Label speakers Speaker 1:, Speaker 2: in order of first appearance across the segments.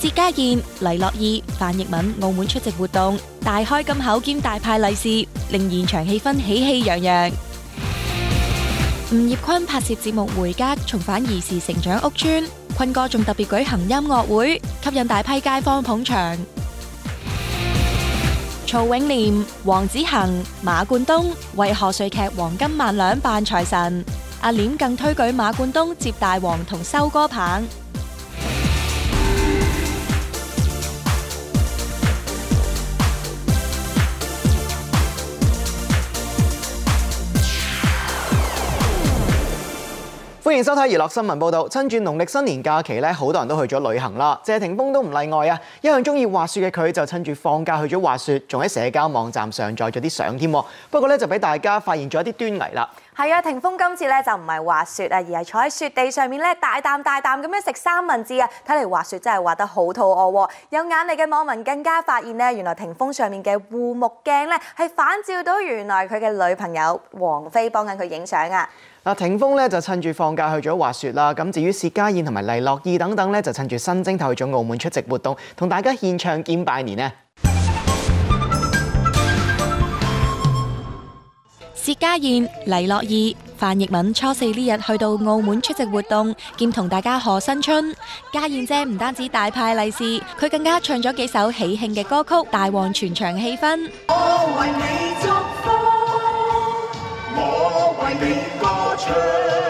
Speaker 1: 謝家燕、黎諾懿、樊奕敏澳門出席活動，大開金口兼大派利是，令現場氣氛喜氣洋洋。吳業坤拍攝節目回家，重返兒時成長屋村，坤哥仲特別舉行音樂會，吸引大批街坊捧場。曹永廉、黃子恒、馬貫東為賀歲劇《黃金萬兩》扮財神，阿廉更推舉馬貫東接大王同收歌棒。
Speaker 2: 歡迎收睇娛樂新聞報道。趁住農曆新年假期咧，好多人都去咗旅行啦。謝霆鋒都唔例外啊！一向中意滑雪嘅佢就趁住放假去咗滑雪，仲喺社交網站上載咗啲相添。不過咧，就俾大家發現咗一啲端倪啦。
Speaker 1: 係啊，霆鋒今次咧就唔係滑雪啊，而係坐喺雪地上面咧大啖大啖咁樣食三文治啊！睇嚟滑雪真係滑得好肚餓喎。有眼力嘅網民更加發現呢，原來霆鋒上面嘅護目鏡咧係反照到原來佢嘅女朋友王菲幫緊佢影相啊！
Speaker 2: 嗱，霆鋒咧就趁住放假去咗滑雪啦。咁至於薛家燕同埋黎諾懿等等咧，就趁住新正頭去咗澳門出席活動，同大家獻唱兼拜年啊！
Speaker 1: 薛家燕、黎諾懿、范逸敏初四呢日去到澳門出席活動，兼同大家賀新春。家燕姐唔單止大派利是，佢更加唱咗幾首喜慶嘅歌曲，大旺全場氣氛。
Speaker 3: 我為你祝福，我為你歌唱。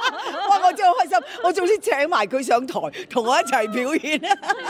Speaker 3: 真係好開心！我仲先請埋佢上台，同我一齊表演。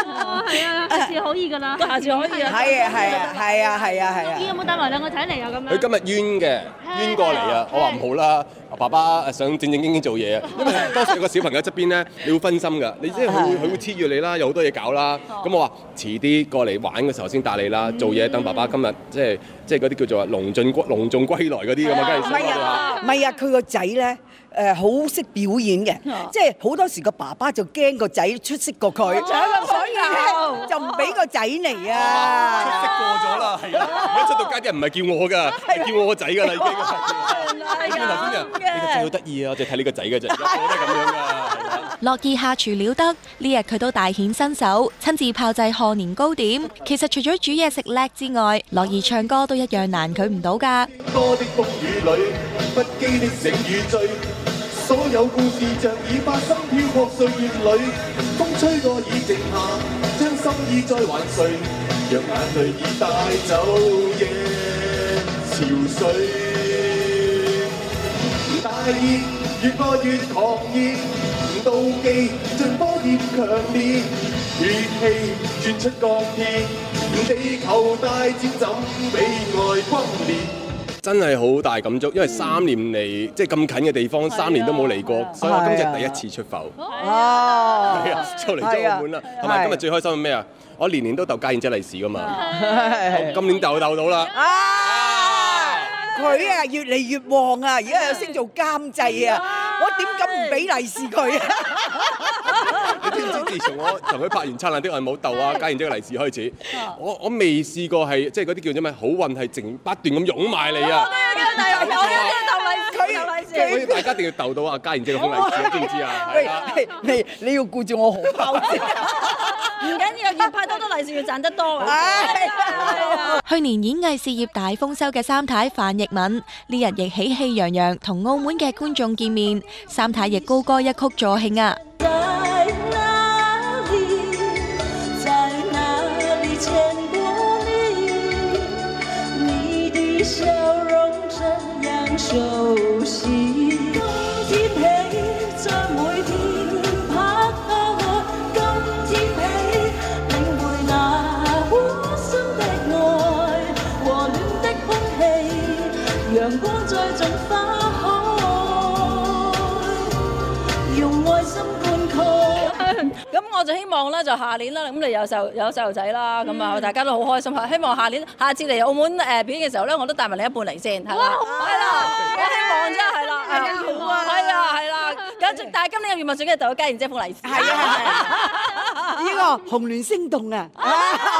Speaker 3: 哦，係啊，下
Speaker 4: 次可以㗎啦，下次可以啊。係啊，係啊，係啊，係啊。你有冇帶埋兩個仔嚟啊？咁
Speaker 5: 樣。佢今日冤嘅，冤過嚟啊！我話唔好啦，爸爸想正正經經做嘢啊。因為當時個小朋友側邊咧，你會分心㗎。你即係佢，佢會黐住你啦，有好多嘢搞啦。咁我話遲啲過嚟玩嘅時候先帶你啦。做嘢等爸爸今日即係即係嗰啲叫做話隆重歸隆重歸來嗰啲㗎嘛。唔係啊，
Speaker 3: 啊，佢個仔咧。誒好識表演嘅，即係好多時個爸爸就驚個仔出色過佢，所以咧就唔俾個仔嚟啊！出色過咗
Speaker 5: 啦，而家出到街啲人唔係叫我㗎，係叫我個仔㗎啦已
Speaker 3: 經。咁
Speaker 5: 頭先啲人，你個仔好得意啊！我淨係睇呢個仔㗎啫，而家都
Speaker 3: 係咁
Speaker 1: 樣啦。樂意下廚了得，呢日佢都大顯身手，親自炮製賀年糕點。其實除咗煮嘢食叻之外，樂意唱歌都一樣難佢唔到㗎。
Speaker 3: 所
Speaker 5: 有故事像已發生，飄泊歲月裏，風吹過已靜下，將心意再還誰，讓眼淚已帶走夜潮水。 大熱越愛越狂熱，妒忌盡多焰強烈，血氣轉出鋼鐵，鐵，地球大戰，怎比愛軍烈？真係好大感觸，因為三年嚟即係咁近嘅地方，三年都冇嚟過，所以我今日第一次出埠。
Speaker 3: 哦，嚟咗澳門啦，同埋，今日
Speaker 5: 最開心係咩啊？我年年都逗家燕姐利是㗎嘛，今年就逗到啦。
Speaker 3: 佢啊，越嚟越旺啊！而家有升做監製啊，我點敢唔俾利是佢
Speaker 5: 啊？你知唔知？自從我同佢拍完《燦爛的愛》冇鬥啊，嘉言姐個利是開始，我我未試過係即係嗰啲叫做咩？好運係成不斷咁湧埋嚟啊！我
Speaker 3: 都要叫大牛，我要叫大米，佢有米是。
Speaker 5: 大家一定要鬥到阿嘉言姐個好利是，知唔知啊？係
Speaker 3: 啊，你你要顧住我荷包先，唔緊
Speaker 6: 要，要派多多利是，要賺得多啊！去
Speaker 1: 年演藝事業大豐收嘅三太範逸。呢日亦喜氣洋洋同澳門嘅觀眾見面，三太亦高歌一曲助興啊！
Speaker 6: 我就希望咧，就下年啦，咁你有就有細路仔啦，咁啊，大家都好開心嚇。嗯、希望下年下次嚟澳門誒表演嘅時候咧，我都帶
Speaker 3: 埋另一半嚟先，係啦，係啦，我希望真係、欸、啦，係啊，係啦，
Speaker 6: 咁但係今年嘅月末獎嘅就我加完遮封利是，係啊。
Speaker 3: 呢個紅鸞星
Speaker 7: 動啊！
Speaker 6: 啊，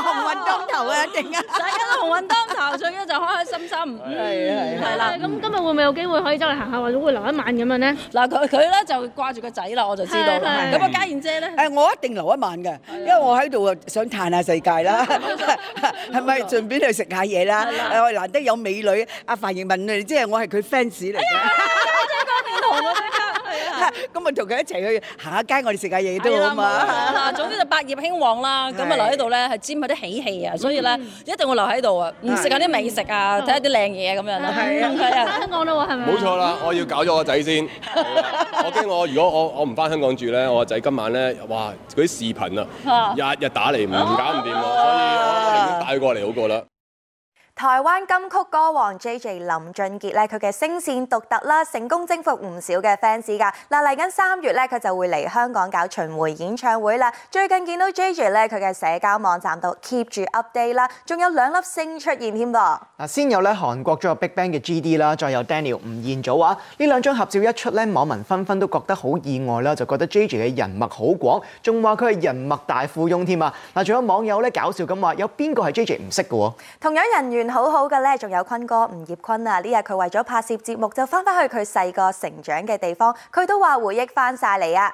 Speaker 6: 鴻運當頭啊，一定啊！大家都鴻運當頭，最緊就開開心心。係係啦。
Speaker 7: 咁今日會唔會有機會可以周圍行下，或者會留一晚咁樣咧？嗱，佢佢咧
Speaker 6: 就掛住個仔啦，我就知道。係係。咁啊，嘉
Speaker 3: 燕姐咧？誒，我一定留一晚嘅，因為我喺度啊，想嘆下世界啦。係咪順便去食下嘢啦？誒，難得有美女，阿范盈文嚟，即係我係佢 fans 嚟嘅。嘉燕哥點同我咧？咁咪同佢一齊去行下街，我哋食下嘢都好嘛？總之就百業興旺啦，
Speaker 6: 咁啊留喺度咧係沾下啲喜氣啊，所以咧一定會留喺度啊，唔食下啲美食啊，睇下啲靚嘢咁樣啦。香港啦，我係咪？冇錯啦，我
Speaker 5: 要搞咗個仔先。我驚我如果我我唔翻香港住咧，我個仔今晚咧，哇！嗰啲視頻啊，日日打嚟唔搞唔掂喎，所以我寧願打過嚟好過啦。
Speaker 1: 台灣金曲歌王 J.J. 林俊傑咧，佢嘅聲線獨特啦，成功征服唔少嘅 fans 噶。嗱，嚟緊三月咧，佢就會嚟香港搞巡迴演唱會啦。最近見到 J.J. 咧，佢嘅社交網站度 keep 住 update 啦，仲有兩粒星出現添噃。
Speaker 2: 嗱，先有咧韓國咗有 BigBang 嘅 G.D. 啦，再有 Daniel 吳彥祖啊，呢兩張合照一出咧，網民紛紛都覺得好意外啦，就覺得 J.J. 嘅人脈好廣，仲話佢係人脈大富翁添啊。嗱，仲有網友咧搞笑咁話：有邊個係 J.J. 唔識嘅？
Speaker 1: 同樣人緣。好好嘅咧，仲有坤哥吳業坤啊！呢日佢為咗拍攝節目，就翻返去佢細個成長嘅地方，佢都話回憶翻晒嚟啊！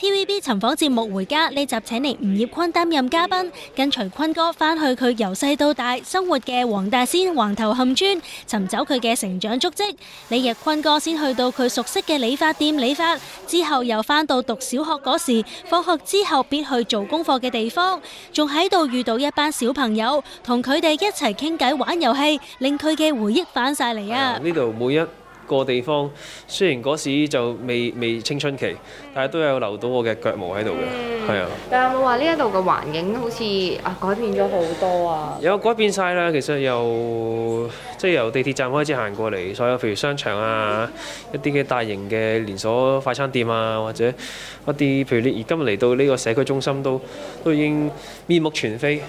Speaker 4: TVB 尋訪節目《回家》呢集請嚟吳業坤擔任嘉賓，跟隨坤哥返去佢由細到大生活嘅黃大仙橫頭磡村，尋找佢嘅成長足跡。呢日坤哥先去到佢熟悉嘅理髮店理髮，之後又返到讀小學嗰時放學之後必去做功課嘅地方，仲喺度遇到一班小朋友，同佢哋一齊傾偈玩遊戲，令佢嘅回憶返晒嚟啊！
Speaker 8: 呢度每一個地方雖然嗰時就未未青春期，但係都有留到我嘅腳毛喺度嘅，係啊、嗯！
Speaker 6: 但有冇話呢一度嘅環境好似啊改變咗好多
Speaker 8: 啊？有改變晒啦，其實由即係、就是、由地鐵站開始行過嚟，所有譬如商場啊，一啲嘅大型嘅連鎖快餐店啊，或者一啲譬如你而今日嚟到呢個社區中心都都已經面目全非。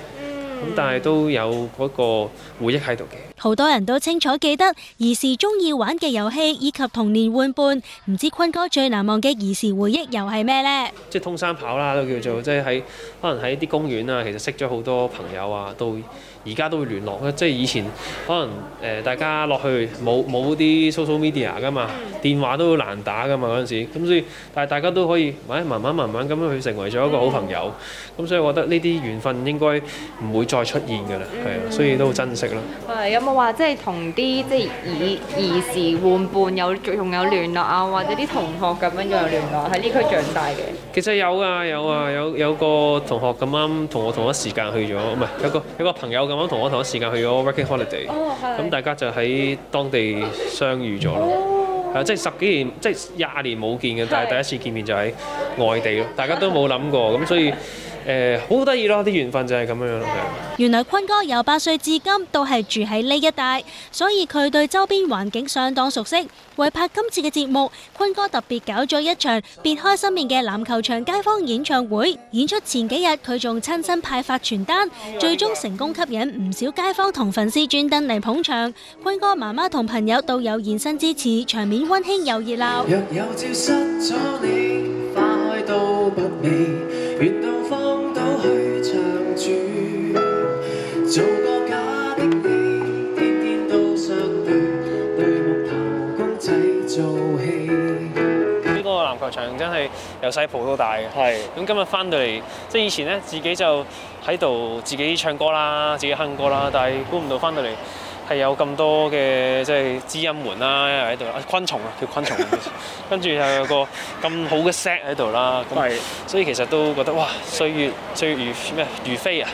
Speaker 8: 但係都有嗰個回憶喺度嘅，
Speaker 4: 好多人都清楚記得兒時鍾意玩嘅遊戲以及童年玩伴。唔知坤哥最難忘嘅兒時回憶又係咩呢？
Speaker 8: 即係通山跑啦，都叫做即係喺可能喺啲公園啊，其實識咗好多朋友啊，都。而家都會聯絡咧，即係以前可能誒、呃、大家落去冇冇啲 social media 噶嘛，嗯、電話都好難打噶嘛嗰陣時，咁所以但係大家都可以，哎、慢慢慢慢咁樣去成為咗一個好朋友，咁、嗯、所以我覺得呢啲緣分應該唔會再出現㗎啦，係、嗯、啊，所以都好珍惜咯、嗯。
Speaker 1: 有冇話即係同啲即係
Speaker 6: 兒兒時玩伴有仲有聯絡啊，或者啲同學咁樣樣有聯絡喺、啊、呢區長
Speaker 9: 大
Speaker 8: 嘅？其實有啊有啊有啊有，有，有，有個同學咁啱同我同一時間去咗，唔係有個有個朋友。咁樣同我同一時間去咗 working holiday，咁大家就喺當地相遇咗咯，係、哦、即係十幾年，即係廿年冇見嘅，的但係第一次見面就喺外地咯，的大家都冇諗過，咁的所以。誒好得意咯！啲、呃、緣分就係咁樣。
Speaker 4: 原來坤哥由八歲至今都係住喺呢一帶，所以佢對周邊環境相當熟悉。為拍今次嘅節目，坤哥特別搞咗一場別開生面嘅籃球場街坊演唱會。演出前幾日，佢仲親身派發傳單，嗯、最終成功吸引唔少街坊同粉絲專登嚟捧場。坤哥媽媽同朋友都有現身支持，場面溫馨又熱鬧。若
Speaker 8: 有由細抱到大嘅，咁今日翻到嚟，即係以前咧，自己就喺度自己唱歌啦，自己哼歌啦，但係估唔到翻到嚟係有咁多嘅即係知音門啦，喺度，昆蟲啊，叫昆蟲，跟住又有個咁好嘅 set 喺度啦，咁，所以其實都覺得哇，歲月歲月如咩如飛啊，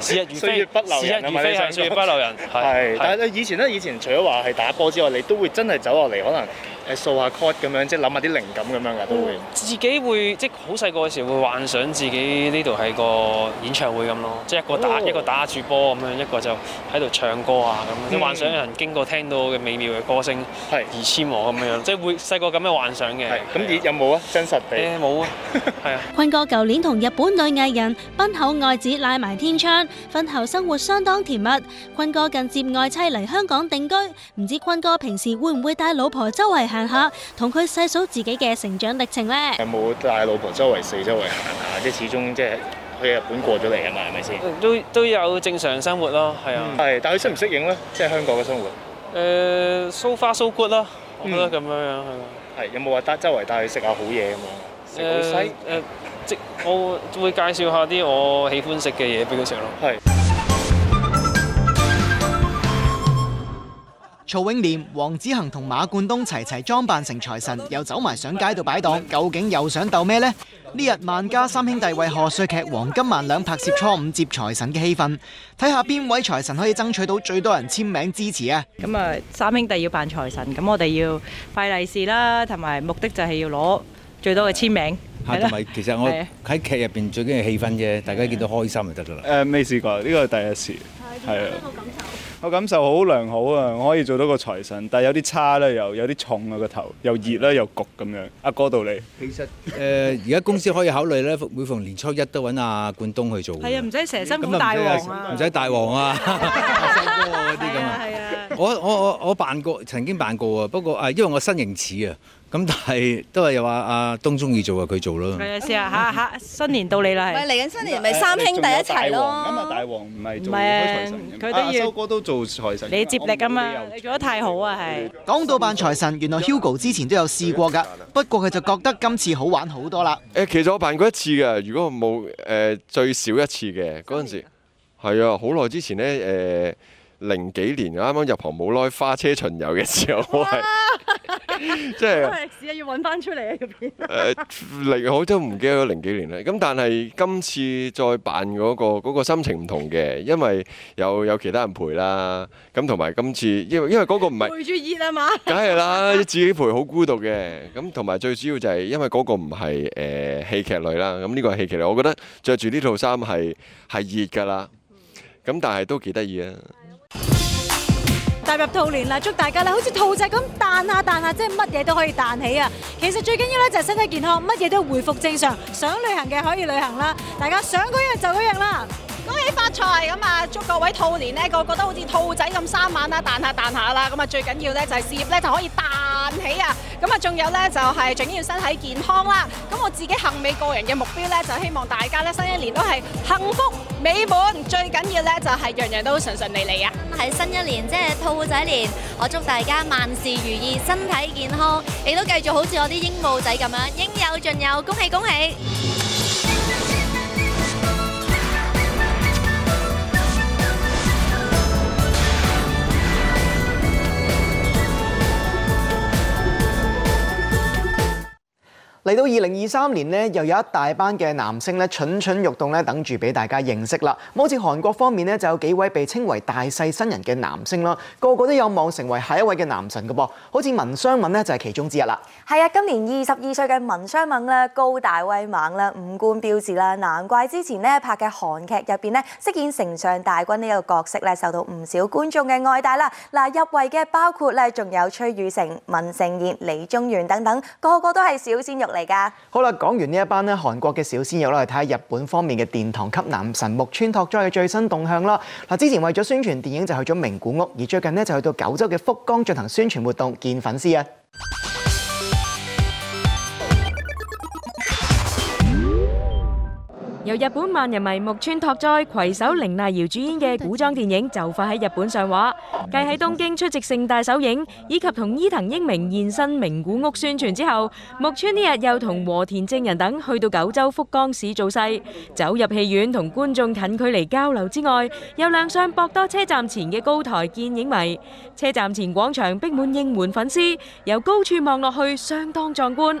Speaker 8: 時日如飛，時日如飛，歲月不留人啊嘛，係歲月不留人，係。
Speaker 10: 但係以前咧，以前除咗話係打波之外，你都會真係走落嚟，可能。係掃下 chord 咁樣，即係諗下啲靈感咁樣㗎，都會。自己
Speaker 8: 會即係好細個嘅時候會幻想自己呢度係個演唱會咁咯，即係一個打一個打住波咁樣，一個就喺度唱歌啊咁。幻想有人經過聽到嘅美妙嘅歌聲而簽我咁樣。即係會細個咁嘅幻想嘅。咁而有冇啊？真實地誒冇啊，係
Speaker 4: 啊。坤哥舊年同日本女藝人濱口愛子拉埋天窗，婚後生活相當甜蜜。坤哥近接外妻嚟香港定居，唔知坤哥平時會唔會帶老婆周圍行？下同佢細數自己嘅成長歷程咧，有
Speaker 11: 冇
Speaker 8: 帶老婆周圍四周圍行下？即係始終即係去日本過咗嚟啊嘛，係咪先都都有正常生活咯，係啊，係、嗯。但佢適唔適應咧？即係香港嘅生活，誒、呃、so far so good 咯，嗯、我覺得咁樣樣係。係、啊、有冇話帶周圍帶佢食下好嘢咁嘛，食好使？誒、呃呃，即我會介紹下啲我喜歡食嘅嘢俾佢食咯，係。
Speaker 2: 曹永廉、黃子恒同馬貫東齊齊裝扮成財神，又走埋上街度擺檔，究竟又想鬥咩呢？呢日萬家三兄弟為賀歲劇黃金萬兩拍攝初五接財神嘅戲份，睇下邊位財神可以爭取到最多人簽名支持啊？咁啊，三兄弟要扮財神，咁我哋要快利是啦，同埋目的就係要攞最多嘅簽名
Speaker 10: 係。同埋其實我喺劇入邊最緊要氣氛啫，大家見到開心就得噶啦。誒，未試過呢個第一次，係啊。我感受好良好啊！我可以做到個財神，但係有啲差啦，又有啲重啊個頭，又熱啦，又焗咁樣。阿哥到你。其實誒，而家、 呃、公司可以考慮咧，每逢年初一都揾阿、啊、冠東去做。
Speaker 11: 係啊，唔使
Speaker 10: 成身大王啊，唔使大王啊，山歌嗰啲咁啊。我我我我扮過，曾經扮過啊，不過誒，因為我身形似啊。咁但係都係又話阿東中意做啊，佢做，做咯。
Speaker 11: 係啊，試下下，嚇、啊！新年到你啦，係。嚟緊新年咪三兄弟一齊咯。咁啊，啊大
Speaker 10: 王
Speaker 12: 唔
Speaker 11: 係做財神，佢都要收、
Speaker 12: 啊、
Speaker 10: 哥都做財神。
Speaker 11: 你接力啊嘛，你做得太好啊，係。
Speaker 2: 講到扮財神，原來 Hugo 之前都有試過㗎，不過佢就覺得今次好玩好多
Speaker 5: 啦。誒，其實我扮過一次嘅，如果冇誒、呃、最少一次嘅嗰陣時，係啊，好耐之前咧誒。呃零幾年啱啱入行冇耐，花車巡遊嘅時候，我係即係
Speaker 13: 歷史啊，要揾翻出嚟啊！嗰
Speaker 5: 邊誒，我真係唔記得咗零幾年啦。咁但係今次再辦嗰個嗰個心情唔同嘅，因為有有其他人陪啦。咁同埋今次因為因為嗰個唔係陪
Speaker 9: 住熱
Speaker 3: 啊嘛，梗
Speaker 5: 係啦， 自己陪好孤獨嘅。咁同埋最主要就係因為嗰個唔係誒戲劇類啦。咁呢個係戲劇類，我覺得着住呢套衫係係熱㗎啦。咁但係都幾得意啊！
Speaker 11: 踏入兔年啦，祝大家咧好似兔仔咁彈下彈下，即係乜嘢都可以彈起啊！其實最緊要咧就係身體健康，乜嘢都回復正常，想旅行嘅可以旅行啦，大家想嗰樣就嗰樣啦。恭喜發財
Speaker 6: 咁啊，祝各位兔年咧個個都好似兔仔咁生猛啦，彈下彈下啦，咁啊最緊要咧就係事業咧就可以彈起啊！咁啊，仲有呢就係最緊要身體健康啦！咁我自己幸美個人嘅目標呢，就希望大家呢新一年都係幸福美滿，最緊要呢就係樣樣都順順利利啊！喺新一年即係兔仔年，我祝大家萬
Speaker 1: 事如意，身體健康，亦都繼續好似我啲鸚鵡仔咁樣，應有盡有，恭喜
Speaker 4: 恭喜！
Speaker 2: 嚟到二零二三年呢，又有一大班嘅男星咧，蠢蠢欲動咧，等住俾大家認識啦。好似韓國方面咧，就有幾位被稱為大勢新人嘅男星啦，個個都有望成為下一位嘅男神噶噃。好似文相敏咧就係其中之一啦。
Speaker 1: 係啊，今年二十二歲嘅文相敏咧，高大威猛啦，五官標緻啦，難怪之前呢拍嘅韓劇入邊咧，飾演丞相大君呢個角色咧，受到唔少觀眾嘅愛戴啦。嗱，入圍嘅包括咧，仲有崔雨成、文成賢、李宗元等等，個個都係小鮮肉嚟。
Speaker 2: 好啦，講完呢一班咧，韓國嘅小鮮肉，嚟睇下日本方面嘅殿堂級男神木村拓哉嘅最新動向啦。嗱，之前為咗宣傳電影就去咗名古屋，而最近呢，就去到九州嘅福岡進行宣傳活動，見粉絲啊。由
Speaker 11: 日本萬人迷木村拓哉攜手綾瀨遙主演嘅古裝電影就快喺日本上畫，繼喺東京出席盛大首映以及同伊藤英明現身名古屋宣傳之後，木村呢日又同和田正人等去到九州福岡市造勢，走入戲院同觀眾近距離交流之外，又亮相博多車站前嘅高台見影迷，車站前廣場逼滿應援粉絲，由高處望落去相當壯觀。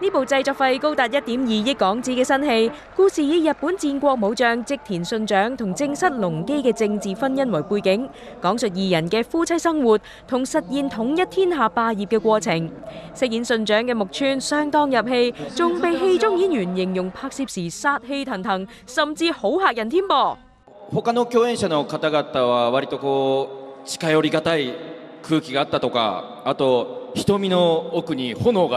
Speaker 11: 呢部製作費高達一點二億港紙嘅新戲，故事以日本戰國武將織田信長同正室隆基嘅政治婚姻為背景，講述二人嘅夫妻生活同實現統一天下霸業嘅過程。飾演信長嘅木村相當入戲，仲被戲中演員形容拍攝時殺氣騰騰，甚至好嚇人添
Speaker 10: 噃。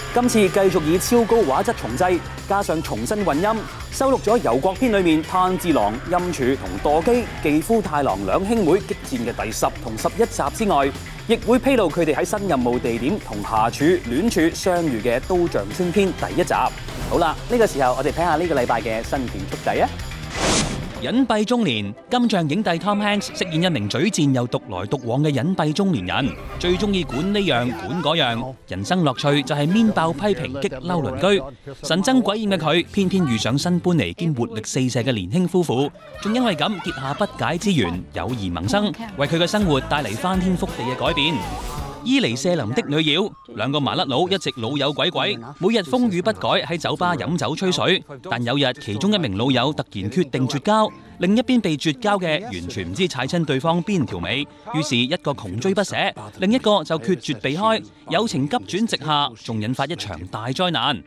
Speaker 13: 今次繼續以超高畫質重製，加上重新混音，收錄咗《遊國篇》裏面炭治郎、音柱同墮姬、妓夫太郎兩兄妹激戰嘅第十同十一集之外，亦會披露佢哋喺新任務地點同霞柱、戀柱相遇嘅刀匠村篇第一集。好啦，呢個時候我哋睇下呢個禮拜嘅新片速遞啊！隱蔽中年，金像影帝 Tom Hanks 飾演一名嘴賤又獨來獨往嘅隱蔽中年人，最中意管呢樣管嗰樣，人生樂趣就係面爆批評激嬲鄰居，神憎鬼厭嘅佢，偏偏遇上新搬嚟兼活力四射嘅年輕夫婦，仲因為咁結下不解之緣，友誼萌生，為佢嘅生活帶嚟翻天覆地嘅改變。伊尼舍林的女妖，兩個麻甩佬一直老友鬼鬼，每日風雨不改喺酒吧飲酒吹水。但有日，其中一名老友突然決定絕交，另一邊被絕交嘅完全唔知踩親對方邊條尾。於是，一個窮追不捨，另一個就決絕避開。友情急轉直下，仲引發一場大災難。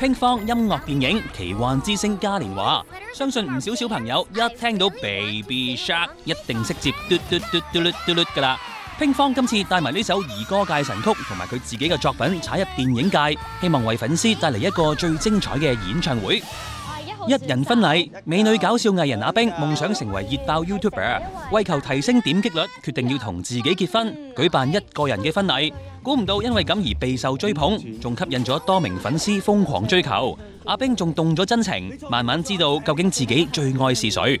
Speaker 13: Pinkfong 音樂電影《奇幻之星嘉年華》，相信唔少小朋友一聽到 Baby Shark 一定識接嘟嘟嘟嘟嘟嘟嘟㗎喇。乒乓今次帶埋呢首兒歌界神曲同埋佢自己嘅作品踩入電影界，希望為粉絲帶嚟一個最精彩嘅演唱會。一人婚禮，美女搞笑藝人阿冰夢想成為熱爆 YouTuber，為求提升點擊率，決定要同自己結婚，舉辦一個人嘅婚禮。估唔到因為咁而備受追捧，仲吸引咗多名粉絲瘋狂追求。阿冰仲動咗真情，慢慢知道究竟自己最愛是誰。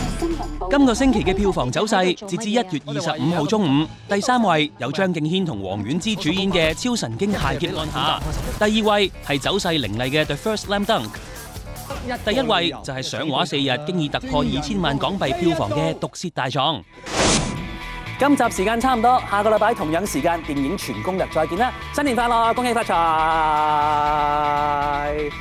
Speaker 13: 今個星期嘅票房走勢，截至一月二十五號中午，第三位有張敬軒同王菀之主演嘅《超神經械劫案》下，第二位係走勢凌厲嘅《The First Slam Dunk》，第一位就係上畫四日經已突破二千萬港幣票房嘅《毒舌大狀》。今集時間差唔多，下個禮拜同樣時間電影全攻略再見啦！新年快樂，恭喜發財！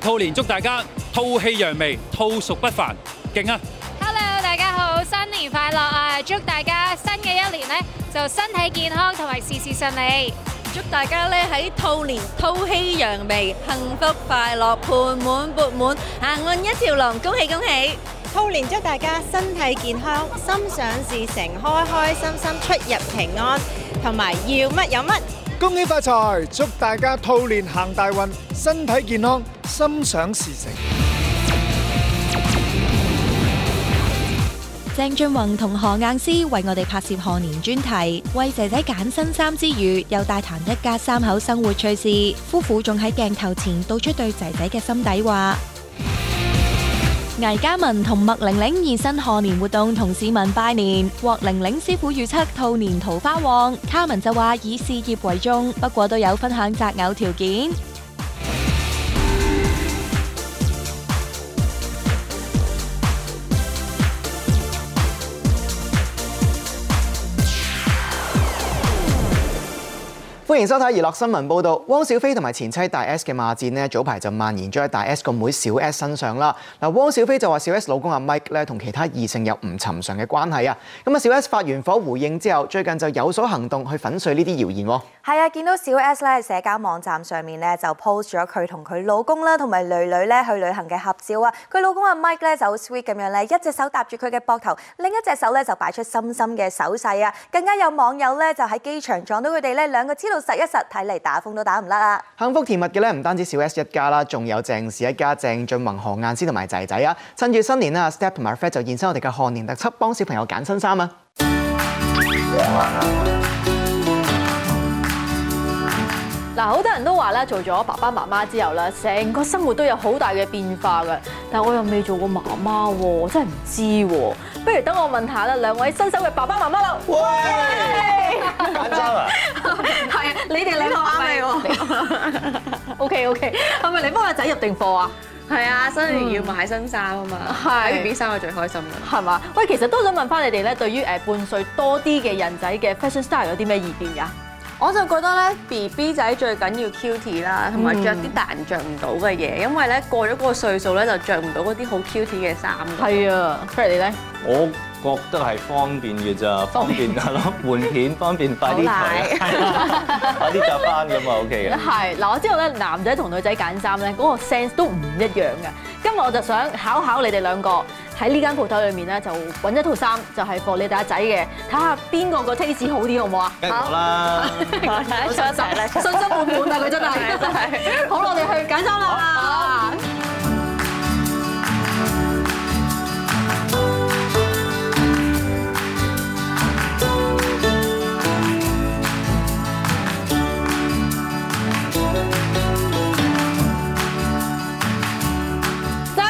Speaker 8: 兔年祝大家兔氣
Speaker 13: 揚眉，兔俗不凡。勁
Speaker 4: 啊！Hello，大家好，新年快樂啊！祝大家新嘅一年呢，就身體健康同埋事事順利。祝大家呢
Speaker 1: 喺兔年兔氣揚眉，幸福快樂，盆滿缽滿，行運一條龍。恭喜恭喜！兔年祝大家身體健康，心想事成，開開心心，出入平安，同埋要乜有乜。
Speaker 10: 恭喜發財！祝大家兔年行大運，身體健康，心想事成。
Speaker 1: 鄭俊弘同何雁詩為我哋拍攝賀年專題，為仔仔揀新衫之餘，又大談一家三口生活趣事。夫婦仲喺鏡頭前道出對仔仔嘅心底話。魏嘉文同麥玲玲現身賀年活動，同市民拜年。麥玲玲師傅預測兔年桃花旺，卡文就話以事業為重，不過都有分享擇偶條件。
Speaker 2: 歡迎收睇娛樂新聞報道。汪小菲同埋前妻大 S 嘅罵戰咧，早排就蔓延咗喺大 S 個妹妹小 S 身上啦。嗱，汪小菲就話小 S 老公阿 Mike 咧同其他異性有唔尋常嘅關係啊。咁啊，小 S 發完火回應之後，最近就有所行動去粉碎呢啲謠言。
Speaker 1: 係啊，見到小 S 咧社交網站上面咧就 post 咗佢同佢老公啦同埋女女咧去旅行嘅合照啊。佢老公阿 Mike 咧就好 sweet 咁樣咧，一隻手搭住佢嘅膊頭，另一隻手咧就擺出深深嘅手勢啊。更加有網友咧就喺機場撞到佢哋咧兩個知道。實一實睇嚟打風
Speaker 2: 都打唔甩啦！幸福甜蜜嘅咧，唔單止小 S 一家啦，仲有鄭氏一家、鄭俊弘、何雁詩同埋仔仔啊！趁住新年啦，Step 同 Fred 就現身我哋嘅賀年特輯，幫小朋友揀新衫啊！
Speaker 6: 嗱，好多人都話咧，做咗爸爸媽媽之後啦，成個生活都有好大嘅變化噶。但係我又未做過媽媽，我真係唔知喎。不如等我問下啦，兩位新手嘅爸爸媽媽啦。O K O K，係咪你幫阿仔入定貨 啊？係啊，所以要買新衫啊嘛是，B B 衫係最開心嘅，係嘛？喂，其實都想問翻你哋咧，對於誒半歲多啲嘅人仔嘅 fashion style 有啲咩意見㗎？ 我就覺得咧，B B 仔最緊要 cute 啦，同埋着啲大人着唔到嘅嘢，因為咧過咗嗰個歲數咧就着唔到嗰啲好 cute 嘅衫。係 啊，Frank 你咧？
Speaker 10: 我。我 都係方便嘅咋，方便啊咯，換片方便，快啲睇，
Speaker 6: 快啲着翻
Speaker 10: 咁啊！O K 嘅。係，
Speaker 6: 嗱，我知道咧，男仔同女仔揀衫咧，嗰個 sense 都唔一樣嘅。今日我就想考考你哋兩個，喺呢間鋪頭裏面咧，就揾一套衫就係 for 你哋阿仔嘅，睇下邊個個 taste 好啲好唔好啊？梗係啦，好信心滿滿啊，佢真係，真係對。的好，我哋去揀衫好啦嗎。好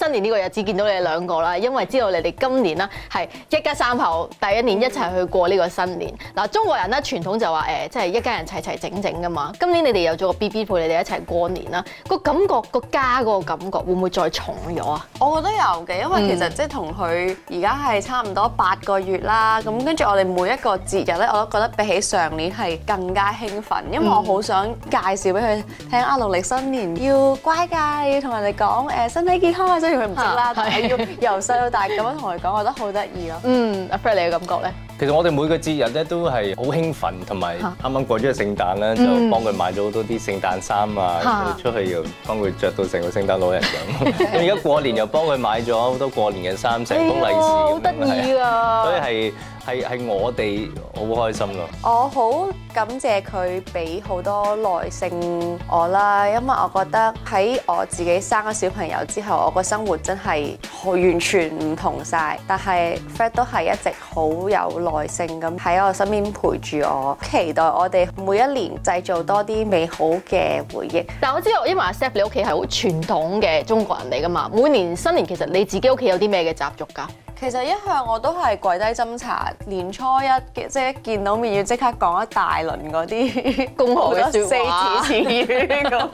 Speaker 6: 新年呢個日子見到你哋兩個啦，因為知道你哋今年啦係一家三口第一年一齊去過呢個新年。嗱，中國人咧傳統就話誒，即係一家人齊齊整整噶嘛。今年你哋有咗個 BB 陪你哋一齊過年啦，個感覺、個家嗰個感覺會唔會再重咗啊？我覺得有嘅，因為其實即係同佢而家係差唔多八個月啦。咁跟住我哋每一個節日咧，我都覺得比起上年係更加興奮，因為我好想介紹俾佢聽阿農曆新年要乖嘅，要同人哋講誒身體健康啊！佢唔識啦，但係、啊、要由細到大咁樣同佢講， 我覺得好得意咯。嗯，阿 Freddie 嘅感覺咧，
Speaker 10: 其實我哋每個節日咧都係好興奮，同埋啱啱過咗個聖誕咧，啊、就幫佢買咗好多啲聖誕衫啊，出去又幫佢着到成個聖誕老人咁。咁而家過年又幫佢買咗好多過年嘅衫，成封利是，好得意啊！ 所以係。係，係我哋好開心咯！
Speaker 6: 我好感謝佢俾好多耐性我啦，因為我覺得喺我自己生咗小朋友之後，我個生活真係完全唔同晒。但係 Fred 都係一直好有耐性咁喺我身邊陪住我，期待我哋每一年製造多啲美好嘅回憶。但我知道，因為阿 Sa 你屋企係好傳統嘅中國人嚟㗎嘛，每年新年其實你自己屋企有啲咩嘅習俗㗎？ 其實一向我都係跪低斟茶，年初一即係一見到面要即刻講一大輪嗰啲恭賀嘅四字詞語。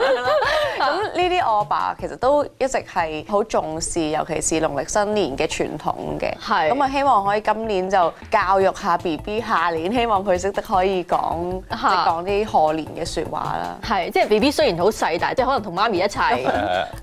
Speaker 4: 咁呢
Speaker 6: 啲我爸，爸其實都一直係好重視，尤其是農曆新年嘅傳統嘅。係對。咁啊希望可以今年就教育下 B B，下年希望佢識得可以講即係講啲賀年嘅説話啦。係。即係 B B 雖然好細，但係即係可能同媽咪一齊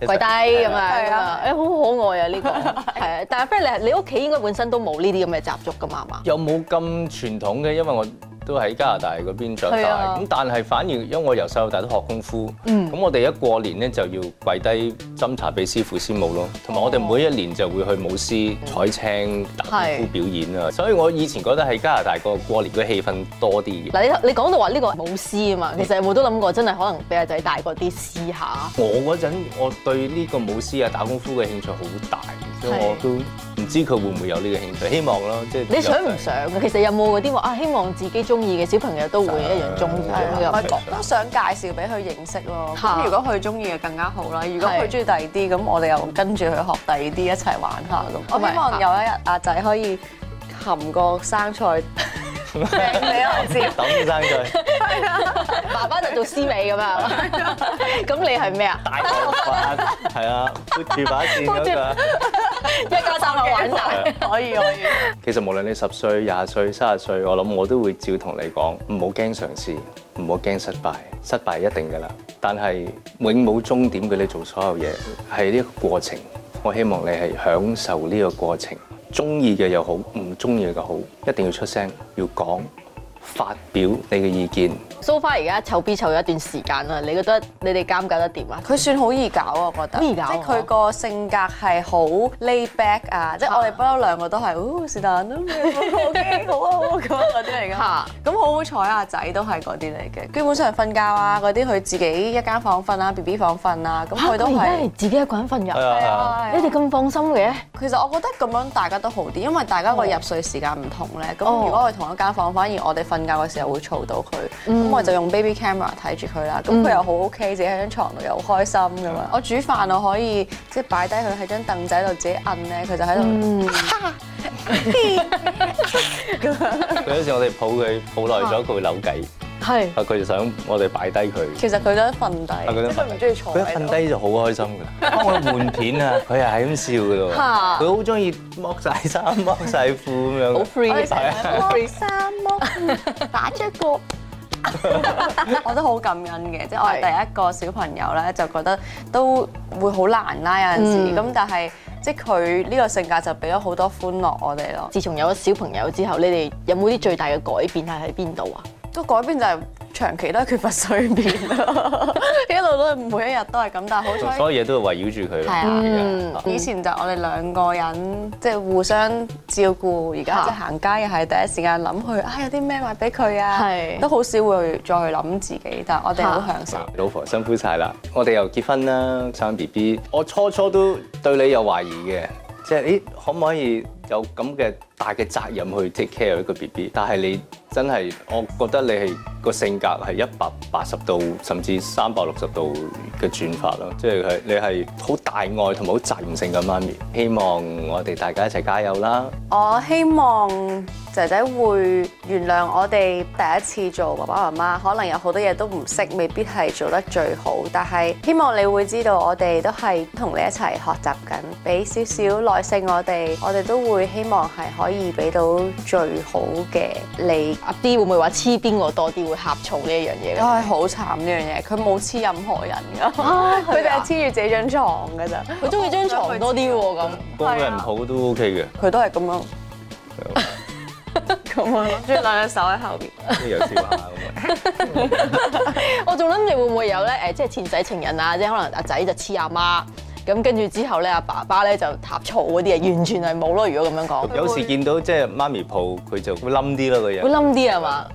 Speaker 6: 跪低咁啊，誒好可愛啊呢個。係啊，但係你你屋企。你應該本身都冇呢啲咁嘅習俗㗎嘛？嘛，
Speaker 10: 又有冇咁傳統嘅？因為我都喺加拿大嗰邊長大，咁是、啊、但係反而因為我由細到大都學功夫，咁、嗯、我哋一過年咧就要跪低斟茶俾師傅師母咯，同埋我哋每一年就會去舞獅採、嗯、青打功夫表演啊。是 所以我以前覺得喺加拿大嗰過年嗰啲氣氛多啲。嗱，
Speaker 6: 你你講到話呢個舞獅啊嘛，其實有冇都諗過，真係可能俾阿仔大個啲試下。
Speaker 10: 我嗰陣，我對呢個舞獅啊打功夫嘅興趣好大。是我都唔知佢會唔會有呢個興趣，希望咯，即係你想唔
Speaker 6: 想？其實有冇嗰啲啊？希望自己中意嘅小朋友都會一樣中意咁樣講，都想介紹俾佢認識咯。咁的如果佢中意就更加好啦。如果佢中意第二啲，咁的我哋又跟住佢學第二啲一齊玩下咯。的我希望有一日阿仔可以。含個生
Speaker 4: 菜，唔係啊！等住生菜，係
Speaker 6: 啊！爸爸就做師美咁樣！咁你係咩啊？大學生，
Speaker 10: 係啊！抱住把扇嗰個一家三口玩曬，
Speaker 3: 可以可以。
Speaker 10: 其實無論你十歲、廿歲、卅歲，我諗我都會照同你講，唔好驚嘗試，唔好驚失敗，失敗一定㗎啦。但係永冇終點嘅，你做所有嘢係呢個過程，我希望你係享受呢個過程。中意嘅又好，唔中意嘅又好，一定要出聲，要講，
Speaker 6: 發表你嘅意見。so far 而家湊 B 湊咗一段時間啦，你覺得你哋監教得點啊？佢算好易搞啊，我覺得。即係佢個性格係好 lay back 啊，即係我哋不嬲兩個都係，哦是但啦，OK 好啊好啊嗰啲嚟㗎。嚇！咁好好彩啊，仔都係嗰啲嚟嘅。基本上瞓覺啊嗰啲，佢自己一間房瞓啊，B B 房瞓啊，咁佢都係。自己一個人瞓入。係你哋咁放心嘅？其實我覺得咁樣大家都好啲，因為大家個入睡時間唔同咧。咁如果佢同一間房，反而我哋瞓覺嘅時候會嘈到佢。我就用 baby camera 睇住佢啦，咁佢又好 OK，自己喺張床度又好開心㗎嘛。我煮飯我可以即係擺低佢喺張凳仔度自己摁咧，佢就喺度嗯，哈咁樣。有
Speaker 10: 時我哋抱佢抱耐咗，佢會扭計。
Speaker 6: 係。佢
Speaker 10: 就佢想我哋擺低佢。
Speaker 6: 其實佢都瞓低，佢唔中意坐。佢瞓
Speaker 10: 低就好開心㗎。我換片啊，佢又係咁笑㗎喎。佢好中意剝晒衫、剝晒褲咁樣。好 free 晒。剝
Speaker 6: 衫、剝褲，打出個。 我都好感恩嘅，即係是我係第一個小朋友咧，就覺得都會好難啦有陣時，咁、嗯、但係即係佢呢個性格就俾咗好多歡樂我哋咯。自從有咗小朋友之後，你哋有冇啲最大嘅改變係喺邊度啊？都、嗯、改變就係、是。長期都係缺乏睡眠咯，一 路都係每一日都係咁，但係好所有嘢都
Speaker 10: 係圍繞住佢。係啊，以前
Speaker 6: 就我哋兩個人即係、就是、互相照顧，而家即係行街又係第一時間諗去啊，有啲咩買俾佢啊，是的 都好少會再去諗自己，但係我哋好享受。是
Speaker 10: 的 老婆辛苦晒啦，我哋又結婚啦，生 B B，我初初都對你有懷疑嘅，即、就、係、是、咦可唔可以有咁嘅？大嘅責任去 take care 一個 BB，但係你真係，我覺得你係個性格係一百八十度甚至三百六十度嘅轉發咯，即係佢你係好大愛同埋好責任性嘅媽咪。希望我哋大家一齊加油啦！
Speaker 6: 我希望仔仔會原諒我哋第一次做爸爸媽媽，可能有好多嘢都唔識，未必係做得最好，但係希望你會知道我哋都係同你一齊學習緊，俾少少耐性我哋，我哋都會希望係。可以俾到最好嘅。你阿啲，會唔會話黐邊個多啲，會呷醋呢一樣嘢？都 啊，好慘呢樣嘢！佢冇黐任何人、 嗯、啊，佢就係黐住自己張床噶咋。佢中意張床多啲喎，咁。
Speaker 10: 嗰個人唔好
Speaker 6: 都 OK 嘅。佢都係咁樣。咁、哎嗯、 我啊，仲兩隻手喺後邊。呢樣笑咁 我仲諗住會唔會有咧？誒，即係前世情人啊，即係可能阿仔就黐阿媽，咁跟住之後咧，阿爸爸咧就呷醋嗰啲啊，完全係冇咯。如果咁樣講，會有時
Speaker 10: 見到即係媽咪抱佢就會冧啲咯，個樣。會冧
Speaker 6: 啲係嘛？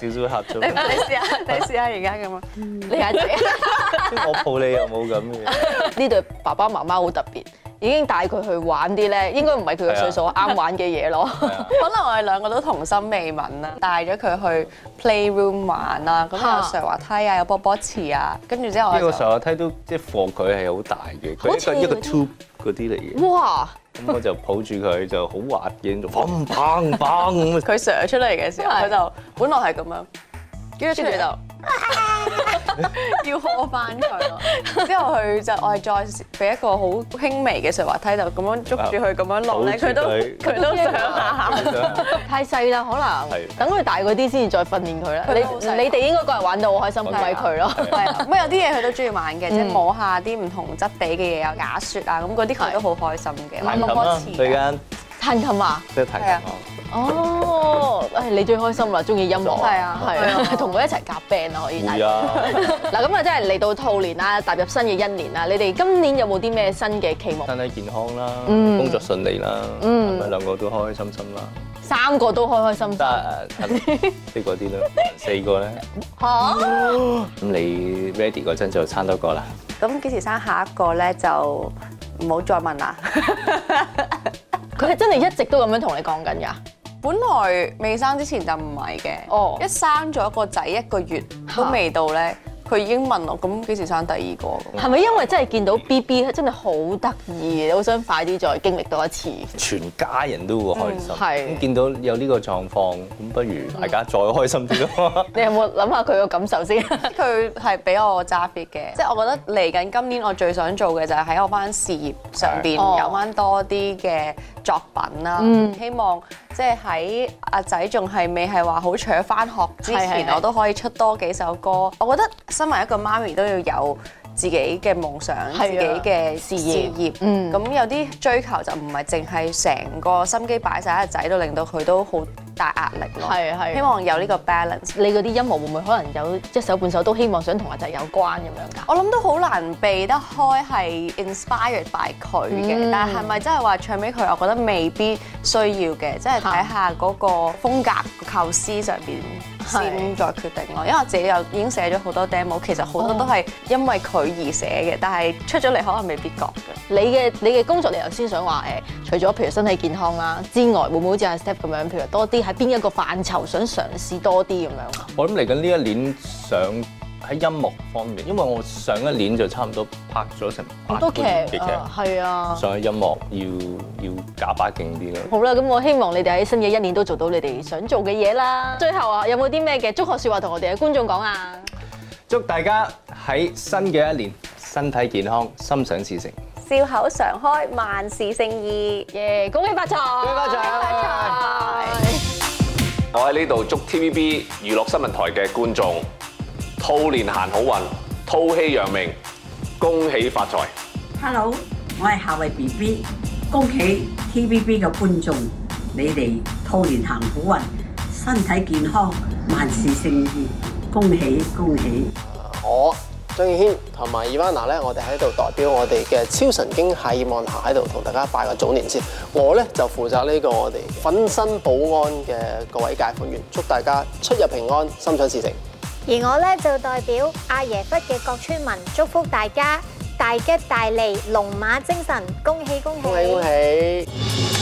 Speaker 6: 少
Speaker 10: 少呷醋。你你試下，你
Speaker 6: 試下而家咁樣？你係 我
Speaker 10: 抱你又冇咁嘅。
Speaker 6: 呢 對爸爸媽媽好特別。已經帶佢去玩啲咧，應該唔係佢嘅歲數啱對了 玩嘅嘢咯。可能我哋兩個都童心未泯啦，帶咗佢去 playroom 玩啊，咁有上滑梯啊，有波波池啊，跟住之後呢個上
Speaker 10: 滑梯都即係放佢係好大嘅，佢一個 tube 嗰啲嚟嘅。
Speaker 6: 哇！
Speaker 10: 咁我就抱住佢就好滑嘅，咁嘭嘭咁。
Speaker 6: 佢上 出嚟嘅時候，佢就是的 本來係咁樣，跟住出嚟就。要呵翻佢，之後佢就我係再俾一個好輕微嘅水滑梯，就咁樣捉住佢，咁樣落咧。佢都佢都想下下，太細啦，可能等佢大嗰啲先至再訓練佢啦。你你哋應該個人玩到好開心，唔係佢咯，係咁有啲嘢佢都中意玩嘅，即係摸下啲唔同質地嘅嘢啊，假雪啊，咁嗰啲佢都好開心嘅。玩咁啊，最彈琴啊，係啊，哦，誒，你最開心啦，中意音樂，係啊，係啊，同我一齊夾 band 啊，可以。可以啊。嗱，咁啊，即係嚟到兔年啦，踏入新嘅一年啦，你哋今年有冇啲咩新嘅期望？
Speaker 10: 身體健康啦，工作順利啦，咁啊兩個都開開心心啦。
Speaker 6: 三個都開開心心。
Speaker 10: 得，即係嗰啲啦。四個咧？
Speaker 6: 嚇！咁
Speaker 10: 你 ready 嗰陣就生多個啦。
Speaker 6: 咁幾時生下一個咧？就唔好再問啦。佢真係一直都咁樣同你講緊㗎。本來未生之前就唔係嘅。哦，一生咗個仔一個月都未到咧，佢已經問我：咁幾時生第二個？係咪因為真係見到 BB 真係好得意，好想快啲再經歷多一次？
Speaker 10: 全家人都會開心。係。咁見到有呢個狀況，咁不如大家再開心啲咯。
Speaker 6: 你有冇諗下佢個感受先？佢係俾我揸 fit 嘅。即係我覺得嚟緊今年我最想做嘅就係喺我班事業上邊有班多啲嘅。作品啦，嗯、希望即係喺阿仔仲係未係話好坐翻學之前，的我都可以出多幾首歌。我覺得身為一個媽咪都要有自己嘅夢想、的自己嘅事業。事業嗯，咁有啲追求就唔係淨係成個心機擺晒阿仔都令到佢都好。大壓力咯，係係。希望有呢個 balance。你嗰啲音樂會唔會可能有一首半首都希望想同阿仔有關咁樣㗎？我諗都好難避得開係 inspired by 佢嘅，嗯、但係咪真係話唱俾佢？我覺得未必需要嘅，即係睇下嗰個風格構思上邊先再決定咯。是的 因為我自己又已經寫咗好多 demo，其實好多都係因為佢而寫嘅，但係出咗嚟可能未必覺㗎。你嘅你嘅工作理由先想話誒，除咗譬如身體健康啦之外，會唔會好似阿 Step 咁樣，譬如多啲邊一個範疇想嘗試多啲咁樣？我諗
Speaker 10: 嚟緊呢一年想喺音樂方面，因為我上一年就差唔多拍咗成好多劇，劇係
Speaker 6: 啊。上
Speaker 10: 喺、啊、音樂要要假巴勁啲咯。
Speaker 6: 好啦，咁我希望你哋喺新嘅一年都做到你哋想做嘅嘢啦。最後有有啊，有冇啲咩嘅祝賀説話同我哋嘅觀眾講啊？
Speaker 10: 祝大家喺新嘅一年身體健康，心想事成。
Speaker 6: 笑口常開，萬事勝意，耶！恭喜發財！恭喜發財！
Speaker 10: 我喺呢度祝 TVB 娛樂新聞台嘅觀眾兔年行好運，兔氣揚名，恭喜發財
Speaker 3: ！Hello，我係夏慧 BB，恭喜 TVB 嘅觀眾，你哋兔年行好運，身體健康，萬事勝意，恭喜恭喜！好。
Speaker 8: 張敬軒同埋伊娃娜呢，vana, 我哋喺度代表我哋嘅超神經係意望霞喺度同大家拜個早年先。我呢就負責呢個我哋粉身保安嘅各位介款員，祝大家出入平安，心想事成。
Speaker 1: 而我呢就代表阿爺窟嘅各村民，祝福大家大吉大利，龍馬精神，恭喜
Speaker 9: 恭喜。恭喜恭喜！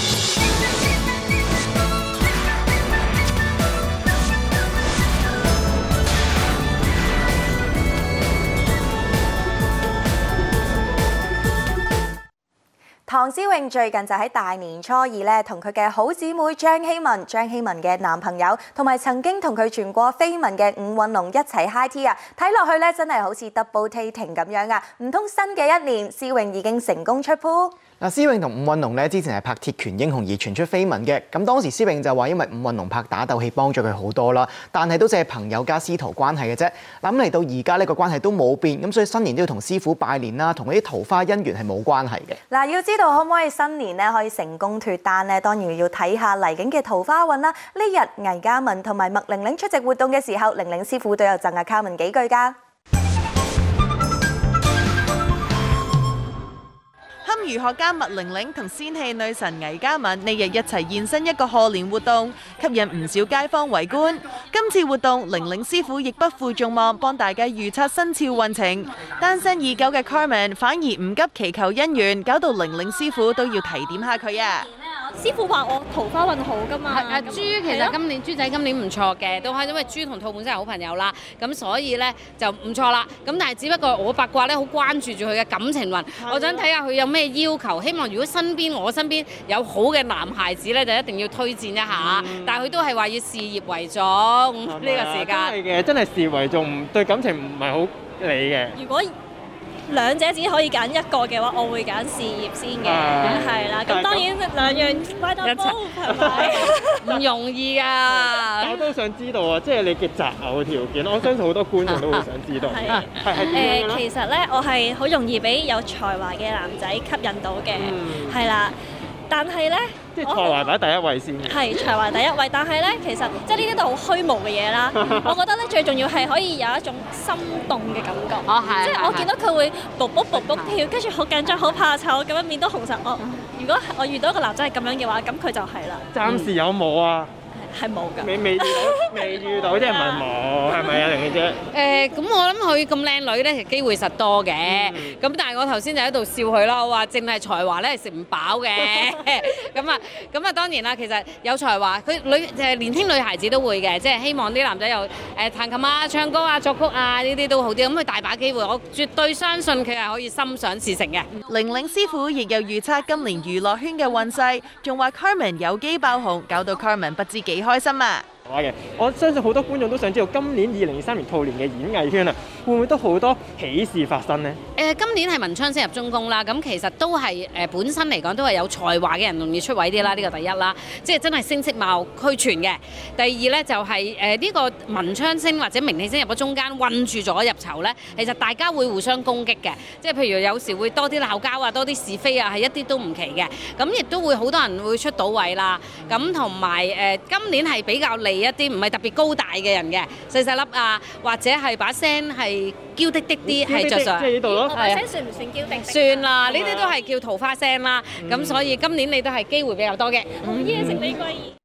Speaker 1: 唐詩詠最近就喺大年初二咧，同佢嘅好姊妹張希文、張希文嘅男朋友，同埋曾經同佢傳過緋聞嘅伍允龍一齊 high tea 啊！睇落去咧，真係好似 double dating 咁樣啊！唔通，新嘅一年，詩詠已經成功出鋪？
Speaker 2: 嗱，施永同伍允龍咧之前係拍《鐵拳英雄》而傳出緋聞嘅，咁當時施永就話因為伍允龍拍打鬥戲幫咗佢好多啦，但係都只係朋友加師徒關係嘅啫。嗱，咁嚟到而家呢個關係都冇變，咁所以新年都要同師傅拜年啦，同嗰啲桃花姻緣係冇關係嘅。
Speaker 1: 嗱，要知道可唔可以新年咧可以成功脱單咧，當然要睇下嚟景嘅桃花運啦。呢日倪嘉雯同埋麥玲玲出席活動嘅時候，玲玲師傅都有贈阿嘉雯幾句㗎。堪輿學家麥玲玲同仙氣女神倪嘉敏呢日一齊現身一個賀年活動，吸引唔少街坊圍觀。今次活動玲玲師傅亦不負眾望，幫大家預測生肖運程。單身已久嘅 Carmen 反而唔急祈求姻緣，搞到玲玲師
Speaker 7: 傅都要提點下佢啊。
Speaker 1: 今
Speaker 4: 年呢，師傅話我桃花運好噶嘛？係啊，豬其實今
Speaker 7: 年豬仔今年唔錯嘅，都係因為豬同兔本身係好朋友啦。咁所以呢，就唔錯啦。咁但係只不過我八卦呢，好關注住佢嘅感情運，我想睇下佢有咩嘅要求，希望如果身邊我身邊有好嘅男孩子咧，就一定要推薦一下。嗯、但係佢都係話要事業為重，呢個時間
Speaker 8: 真係事業為重，對感情唔係好理嘅。
Speaker 4: 如果兩者只可以揀一個嘅話，我會揀事業先嘅，係啦、哎。咁當然兩、嗯、樣多一咪？唔容易㗎。
Speaker 8: 我都想知道啊，即、就、係、是、你嘅擇偶條件，我相信好多觀眾都會想知道，係係點樣嘅咧？誒，
Speaker 4: 其實咧，我係好容易俾有才華嘅男仔吸引到嘅，係啦、嗯。但係呢，即才華
Speaker 8: 擺第一位先我，係
Speaker 4: 才我華第一位。 但係呢，其實即呢啲都好虛無嘅嘢啦。 我覺得呢，最重要係可以有一種心動嘅感覺。 即係。我見到佢會卜卜卜卜跳，跟住好緊張、好怕醜咁樣，面都紅曬。我如果我遇到一個男仔係咁樣嘅話，咁佢就係啦。暫
Speaker 8: 時有冇啊？嗯
Speaker 4: 係冇㗎，未
Speaker 8: 未未遇到啲人唔冇，係咪啊，玲玲姐？
Speaker 4: 誒，咁、嗯呃嗯、我諗佢咁
Speaker 7: 靚女咧，機會實多嘅。咁、嗯、但係我頭先就喺度笑佢啦，我話淨係才華咧食唔飽嘅。咁啊、 嗯，咁、嗯、啊，當然啦，其實有才華，佢女誒年輕女孩子都會嘅，即係希望啲男仔有誒彈琴啊、唱歌啊、作曲啊呢啲都好啲。咁、嗯、佢大把機會，我絕對相信佢係可以心想事成嘅。玲玲師傅亦有預測
Speaker 1: 今年娛樂圈嘅運勢，仲話 Kerman 有機爆紅，搞到 Kerman 不知幾。開心啊！
Speaker 8: 我相信好多觀眾都想知道今年二零二三年兔年嘅演藝圈啊，會唔會都好多喜事發生呢？
Speaker 7: 誒、呃，今年係文昌星入中宮啦，咁其實都係誒、呃、本身嚟講都係有才華嘅人容易出位啲啦，呢、呢個第一啦，即係真係聲色貌俱全嘅。第二呢，就係誒呢個文昌星或者明氣星入咗中間韞住咗入囚呢，其實大家會互相攻擊嘅，即係譬如有時會多啲鬧交啊，多啲是非啊，係一啲都唔奇嘅。咁亦都會好多人會出到位啦。咁同埋誒今年係比較利一啲唔係特別高大嘅人嘅，細細粒啊，或者係把聲係嬌
Speaker 4: 滴滴啲，係着上。喺呢度咯，聲算唔算嬌滴滴？算
Speaker 7: 啦了，呢啲吧都係叫桃花聲啦。咁、嗯、所以今年你都係機會比較多嘅。午夜玫瑰。嗯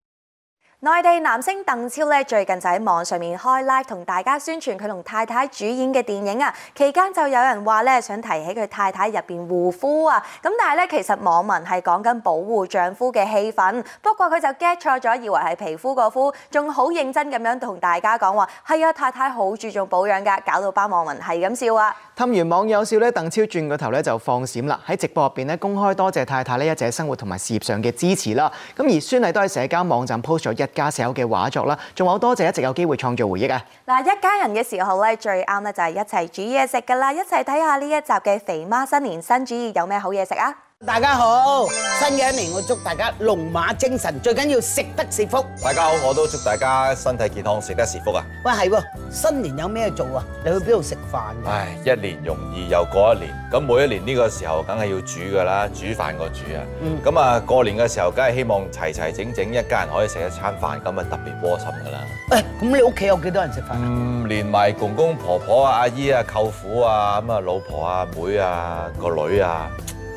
Speaker 7: 內地男
Speaker 1: 星鄧超咧最近就喺網上面開 live 同大家宣傳佢同太太主演嘅電影啊，期間就有人話咧想提起佢太太入邊護膚啊，咁但係咧其實網民係講緊保護丈夫嘅氣氛。不過佢就 get 錯咗，以為係皮膚個膚，仲好認真咁樣同大家講話係啊，太太好注重保養噶，搞到班網民係
Speaker 2: 咁笑啊。氹完網友笑咧，鄧超轉個頭咧就放閃啦，喺直播入邊咧公開多謝謝太太咧一者生活同埋事業上嘅支持啦，咁而孫儷都喺社交網站 post 咗一家小嘅畫作啦，仲好多謝一直有機會創造回憶啊！
Speaker 1: 嗱，一家人嘅時候咧，最啱咧就係一齊煮嘢食噶啦，一齊睇下呢一集嘅肥媽新年新主意有咩好嘢食啊！大家好，
Speaker 9: 新嘅一年我祝大家龍馬精神，最緊要食得是福。
Speaker 10: 大家好，我都祝大家身體健康，食得是福啊！
Speaker 9: 喂，係喎，新年有咩做啊？你去邊度食飯？唉，
Speaker 10: 一年容易又過一年，咁每一年呢個時候梗係要煮噶啦，煮飯個煮啊。嗯。咁啊，過年嘅時候梗係希望齊齊整整一家人可以食一餐飯，咁啊特別窩心噶啦。
Speaker 9: 誒，咁你屋企有幾多人食飯啊？嗯，連埋
Speaker 10: 公公婆婆啊、阿姨啊、舅父啊，咁啊老婆啊、妹啊、個女啊。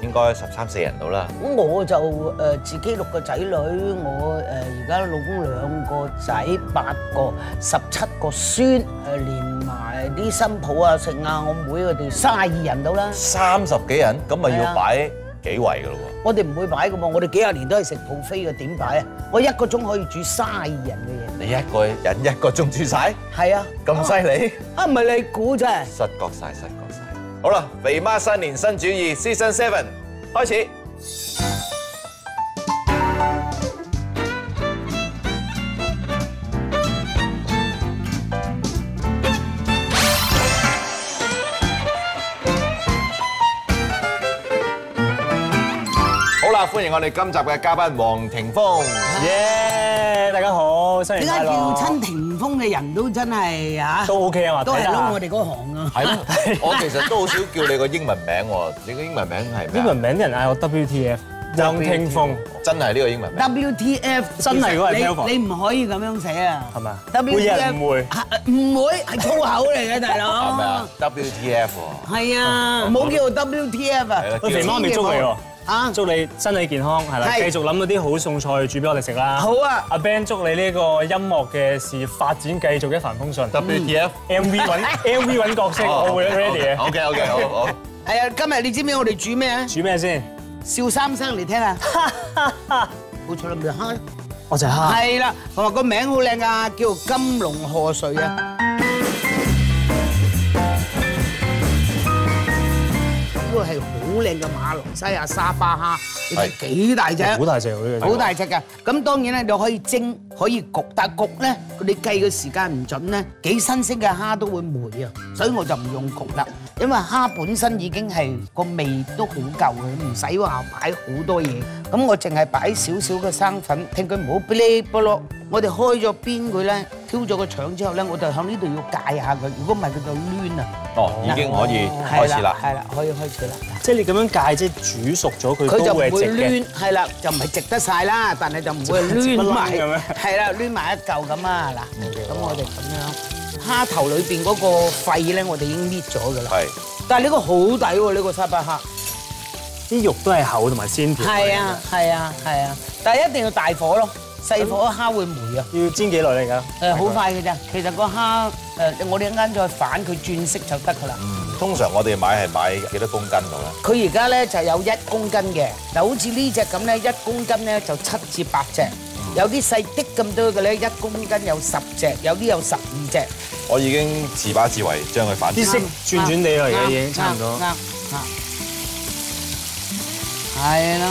Speaker 10: 應該十三四人到啦。
Speaker 9: 咁我就誒自己六個仔女，我誒而家老公兩個仔，八個十七個孫，係連埋啲新抱啊食啊，我妹我哋卅二人到啦。
Speaker 10: 三十幾人咁咪要擺幾圍噶咯喎？
Speaker 9: 我哋唔會擺噶喎，我哋幾十年都係食 buffet 嘅，點擺啊？我一個鐘可以煮卅二人嘅嘢。
Speaker 10: 你一個人一個鐘煮曬？
Speaker 9: 係啊。咁犀利？啊唔係你估啫。失覺曬，失
Speaker 10: 覺曬。。好啦，肥媽新年新主意，Season Seven 開始。好啦，歡迎我哋今集嘅嘉賓王庭鋒，耶！
Speaker 9: 風嘅人都真係嚇，都 OK 啊嘛，都係諗我
Speaker 10: 哋嗰行啊。係咯，我其實都好少叫你個英文名喎，你個英文名係咩？英
Speaker 9: 文名人嗌我，WTF
Speaker 10: 張聽風，真係呢個英文
Speaker 9: 名。WTF 真係嗰個係張聽風。你唔可以咁樣寫啊？係咪啊
Speaker 14: ？WTF
Speaker 10: 唔
Speaker 9: 會，唔會係粗口嚟嘅，
Speaker 14: 大佬。
Speaker 9: 係咪啊？WTF 係啊，唔好叫 WTF 啊，佢肥媽未中意喎。祝你
Speaker 10: 身體健康，係啦，繼續諗嗰啲好餸菜煮俾我哋食啦。好啊，阿 Ben 祝你呢個音樂嘅事業發展繼續一帆風順。特別 TF MV，揾 MV，揾角色，我會 ready 嘅。OK OK，好
Speaker 9: 好。係啊，今日你知唔知我哋煮咩啊？煮咩先？笑三聲嚟聽下。好彩，蝦，我就係蝦。係啦，同埋個名好靚噶，叫金龍河水啊。好靚嘅馬來西亞，沙巴蝦，你睇幾是大隻？好大隻，好這大隻嘅。咁當然咧，你可以蒸，可以焗，但係焗咧，你計嘅時間唔準咧，幾新鮮嘅蝦都會霉啊，所以我就唔用焗啦。因為蝦本身已經係個味都好夠嘅，唔使話擺好多嘢。咁我淨係擺少少嘅生粉，聽佢唔好瀨不落。我哋開咗邊佢咧，挑咗個腸之後咧，我就向呢度要戒下佢。如果唔係佢就攣啊！哦，已經可以開始啦，係啦了，可以開始啦。
Speaker 13: 即係你咁樣戒啫，煮熟咗佢，佢就唔會攣。
Speaker 9: 係啦過，就唔係值得晒啦，但係就唔會攣埋。係啦，攣埋一嚿咁啊！嗱，咁 我哋咁樣。蝦頭裏邊嗰個肺咧，我哋已經搣咗噶啦。係是，但係呢個好抵喎，呢、呢個沙巴蝦，
Speaker 13: 啲肉都係厚同埋，鮮甜。
Speaker 9: 係啊，係啊，係啊，但係一定要大火咯，細火蝦會霉啊。要煎幾耐嚟噶？誒，好快噶咋，其實個蝦誒，我哋一陣間再反佢轉色就得噶啦。
Speaker 10: 通常我哋買係買幾多公斤度咧？
Speaker 9: 佢而家咧就有一公斤嘅。嗱，好似呢隻咁咧，一公斤咧就七至八隻。有啲細啲咁多嘅咧，一公斤有十隻，有啲有十二隻。
Speaker 10: 我已經自把自為將佢反。啲星轉轉地啊嘢嘢差唔多。
Speaker 9: 啱。係啦。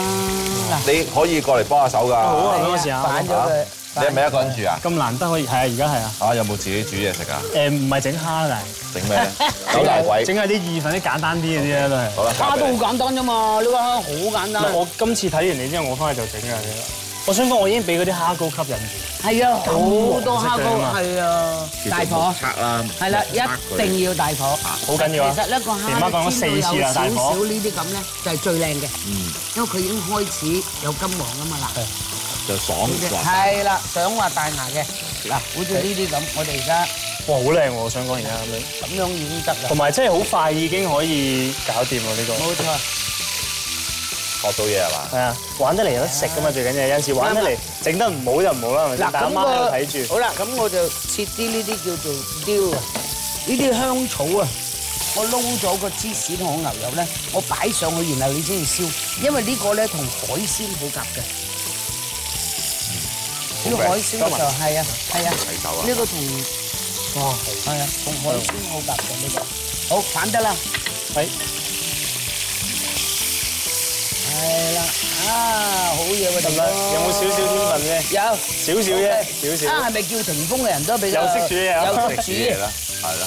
Speaker 9: 嗱，你
Speaker 10: 可以過嚟幫下手㗎。好啊，嗰時啊。反咗佢。你係咪一個人住啊？咁難得可以，係啊，而家係啊。啊！有冇自己煮嘢食啊？誒，唔係整蝦嘅。整咩？整大鬼。整下啲意粉，啲簡單啲嗰啲啦都係。蝦都好
Speaker 9: 簡單啫嘛，呢個蝦好簡單。我
Speaker 10: 今次睇完你之後，我翻去就整㗎。我想講，我已經俾嗰啲蝦膏吸引住。係啊，好
Speaker 9: 多蝦膏啊，係啊，大顆。
Speaker 2: 係啦，一定要大顆，好緊要啊。其實呢個蝦膏邊度有少少
Speaker 9: 呢啲咁咧，就係最靚嘅。嗯，因為佢已經開始有金黃啊嘛嗱，
Speaker 10: 就爽啲㗎。係
Speaker 9: 啦，想話大牙嘅嗱，好似呢啲咁，我哋而家哇，好靚喎！我想講而家咁樣，咁樣已經得啦。同埋即係好
Speaker 10: 快已經可以搞掂啦呢個。冇錯。學到嘢係嘛？係啊，玩得嚟有得食噶嘛，最緊要有時玩得嚟整得唔好就唔好啦，係
Speaker 9: 咪先？但阿媽喺度睇住。好啦，咁我就切啲呢啲叫做雕啊，呢啲香草啊，我撈咗個芝士同牛油咧，我擺上去，然後你先至燒，因為呢個咧同海鮮好夾嘅。
Speaker 4: 呢個海鮮就係
Speaker 9: 啊，係啊。呢個同，哇，係啊，同海鮮好夾嘅呢個。好，反得啦。係。係啦，啊，好嘢喎！點啊？有冇少少天份咩？有少少啫，少少。啊，係咪叫霆鋒嘅人都比較有識煮嘢？有識煮嘢啦，
Speaker 10: 係啦。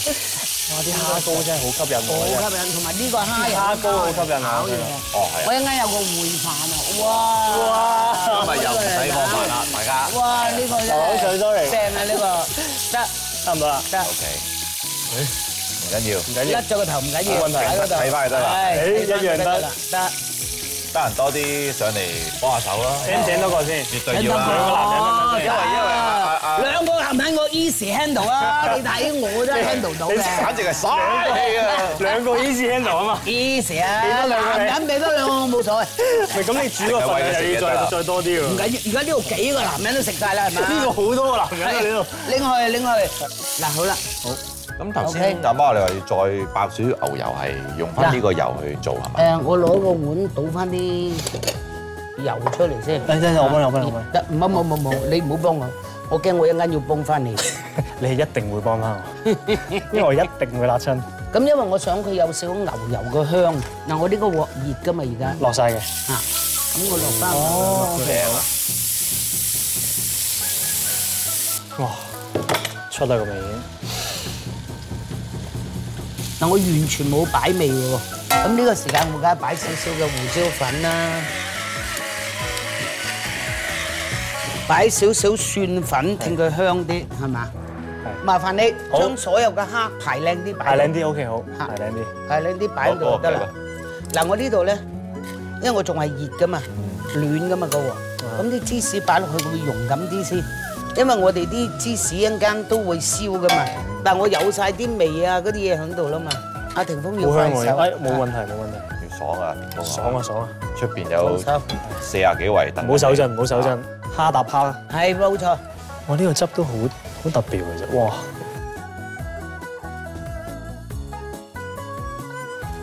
Speaker 10: 哇，啲蝦膏真係好吸
Speaker 9: 引我，好吸引，同埋呢個蝦膏好吸引啊！哦，係啊。我一陣間有個燴飯啊，哇哇！
Speaker 15: 咁咪又唔使放飯啦，大家。哇，
Speaker 9: 呢個香港最多嚟，正啊呢個，
Speaker 12: 得得唔得啦？得。O K，
Speaker 9: 唔緊要，唔緊要。甩咗個
Speaker 10: 頭唔緊要，冇問題。睇翻就得啦。哎，一樣啦，得。得閒多啲上嚟幫下手啊！請唔請多個先，絕對要兩個男人。因為因為
Speaker 9: 啊啊，兩個男人個 easy handle 啊，你睇我都 handle 到嘅。你簡直係犀利啊！兩個 easy handle 啊嘛，easy 啊，男人俾多兩個冇所謂。咪咁你煮個飯，你再再多啲喎。唔緊要，而家呢度幾個男人都食曬啦，係咪？呢個好多個男人喺呢度，拎去拎去。嗱，好啦，好。
Speaker 5: 咁頭先阿媽，你話要再爆少少牛油，係用翻呢個油去做
Speaker 9: 係咪？誒，我攞個碗倒翻啲油出嚟先。等陣，我幫你，我幫你。得，冇冇冇冇，你唔好幫我，我驚我一間要幫翻你。你係一定會幫翻我，因為我一定會辣親。咁因為我想佢有少少牛油嘅香。嗱，我呢個鑊熱㗎嘛，而家。落曬嘅。啊，咁我落翻落去。哦，嘅。哇，出嚟個味。嗱，我完全冇擺味嘅喎。咁呢個時間我梗係擺少少嘅胡椒粉啦，擺少少蒜粉，令佢香啲，係嘛？係。麻煩你將所有嘅蝦排靚啲，排靚啲，OK，好，排靚啲，排靚啲擺喺度就得啦。嗱，我呢度咧，因為我仲係熱嘅嘛，暖嘅嘛嘅喎，咁啲芝士擺落去會融緊啲先。因為我哋啲芝士一間都會燒噶嘛，但係我有晒啲味啊嗰啲嘢喺度啦嘛，阿霆鋒要快手，冇問題冇問
Speaker 10: 題，要爽啊，霆鋒，爽啊爽啊，出面、啊、有四廿幾圍燈，冇手震冇手震，
Speaker 9: 手震打蝦搭蝦，係冇錯，我呢、呢個汁都好好特別嘅啫，哇！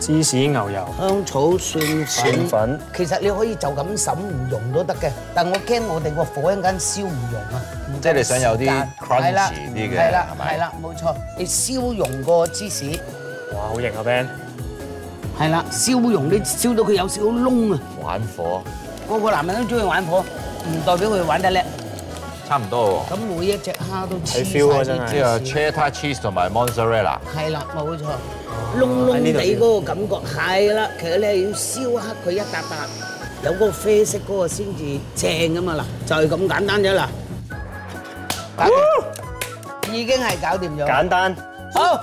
Speaker 9: 芝士牛油、香草蒜粉，其實你可以就咁滲唔溶都得嘅，但我驚我哋個火一間燒唔溶啊！即係你想有啲 crunch 啲嘅，係啦，係啦，冇錯，你燒溶個芝士。哇，好型啊，Ben！係啦，燒溶你燒到佢有少少窿啊！玩火，個個男人都中意玩火，唔代表佢玩得叻。差唔多喎。咁每一隻蝦都黐曬，即係
Speaker 10: cheddar cheese 同埋 mozzarella
Speaker 9: 係啦，冇錯。燶燶哋嗰個感覺係啦，其實你要燒黑佢一笪笪，有嗰個啡色嗰個先至正噶嘛嗱，就係咁簡單啫嗱，搞掂，已經係搞掂咗，簡單，好。